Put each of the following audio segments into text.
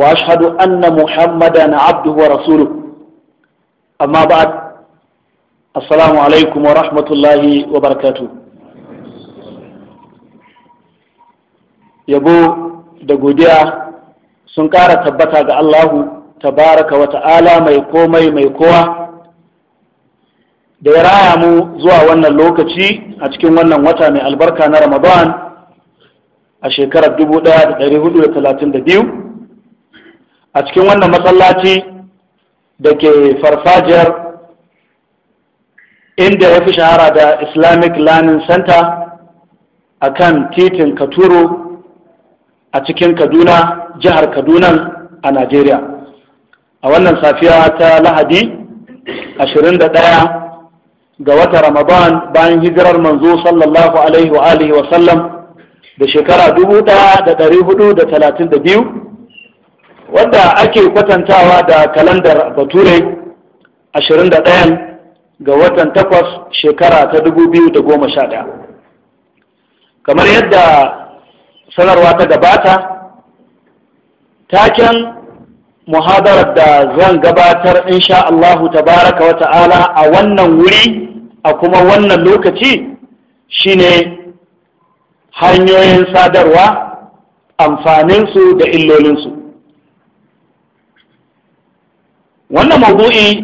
واشهد ان محمدا عبده ورسوله اما بعد السلام عليكم ورحمه الله وبركاته yabo da godiya sun ƙara tabbata ga Allahu tabaraka wa ta'ala mai komai mai kowa da ya raya mu zuwa wannan lokaci a cikin wannan wata mai albarka na Ramadan a shekarar 1432 a cikin wannan masallaci da ke farfajiyar inda ya fi shahara da islamic learning center a kan titin katuro a cikin kaduna jihar kaduna a najeriya a wannan safiya ta lahadi 21 ga wata ramadan bayan hijirar manzo sallallahu alaihi wa alihi wa sallam da shekara 1432 wanda ake kwatantawa da kalandar bature 21 ga watan takwas shekara ta 2011 kamar yadda sanarwa ta gabata taken muhadarar da zan gabatar insha Allahu tabaraka wa ta'ala a wannan wuri a kuma wannan lokaci shine hanyoyin sadarwa amfaninsu da illolinsu wannan mabu'i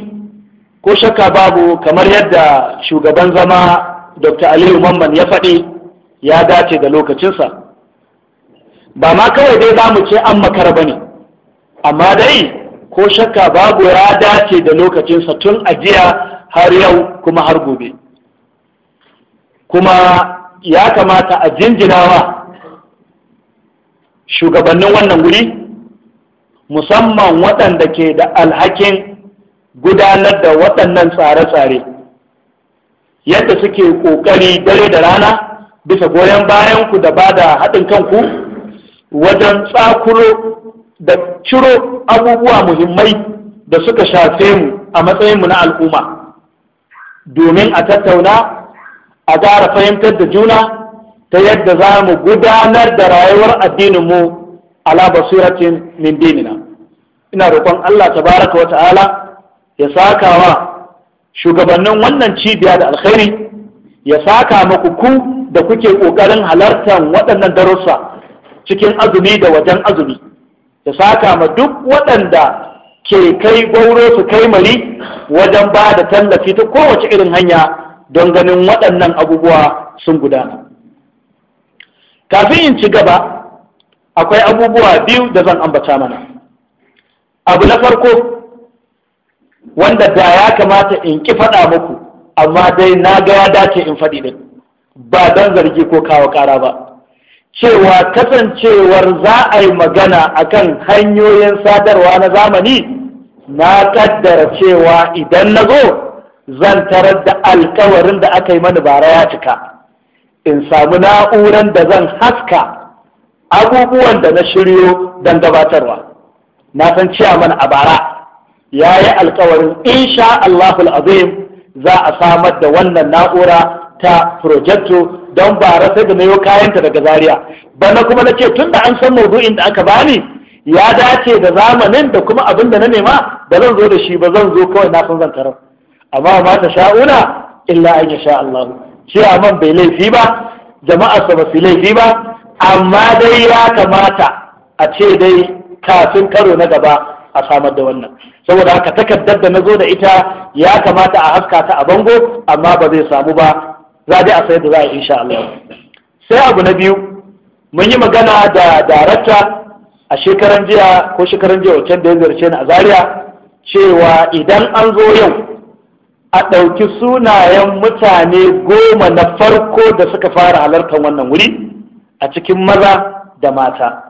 ko shakka babu kamar yadda shugaban zama dr aliyu mamman ya faɗi ya dace da lokacinsa ba ma kawai dai za mu ce an makara ba ne amma dai ko shakka babu ya dace da lokacinsa tun ajiya har yau kuma har gobe kuma ya kamata a jinjinawa shugabannin wannan guri musamman waɗanda ke da alhakin gudanar da waɗannan tsare-tsare yadda suke ƙoƙari dare da rana bisa goyon bayan ku da ba da haɗin kanku wajen tsakuro da ciro abubuwa muhimmai da suka shafe mu a matsayinmu na al'umma domin a tattauna a gara fahimtar da juna ta yadda za mu gudanar da rayuwar addininmu ala basiratin min dinina ina roƙon Allah tabaraka wa ta'ala ya saka wa shugabannin wannan cibiya da alkhairi ya saka maku ku da kuke ƙoƙarin halartar waɗannan darussa cikin azumi da wajen azumi ya saka ma duk waɗanda ke kai gauro su kai mari wajen ba da tallafi ta kowace irin hanya don ganin waɗannan abubuwa sun gudana kafin in ci gaba akwai abubuwa biyu da zan ambata mana abu na farko wanda da ya kamata in ki faɗa muku amma dai na ga ya dace in faɗi ɗin ba don zargi ko kawo ƙara ba cewa kasancewar za a yi magana a kan hanyoyin sadarwa na zamani na kaddara cewa idan na zo zan tarar da alkawarin da aka yi mani bara ya cika in samu na'uran da zan haska abubuwan da na shiryo don gabatarwa na san ciya mana a bara ya yi alkawarin insha Allahul azim za a samar da wannan na'ura ta projecto don ba sai da nayo kayanta daga zaria bana kuma na ce tun da an san maudu'in da aka bani ya dace da zamanin da kuma abin da na nema ba zan zo da shi ba zan zo kawai na san zan karar amma ba ta sha'una illa an sha Allah shi man bai laifi ba jama'ar sa ba su laifi ba amma dai ya kamata a ce dai kafin karo na gaba a samar da wannan saboda haka takardar da na zo da ita ya kamata a haska ta a bango amma ba zai samu ba za dai a sayar da za a insha Allah sai abu na biyu mun yi magana da darakta a shekaran jiya ko shekaran jiya wancan da ya zarce ni a zaria cewa idan an zo yau a ɗauki sunayen mutane goma na farko da suka fara halartar wannan wuri a cikin maza da mata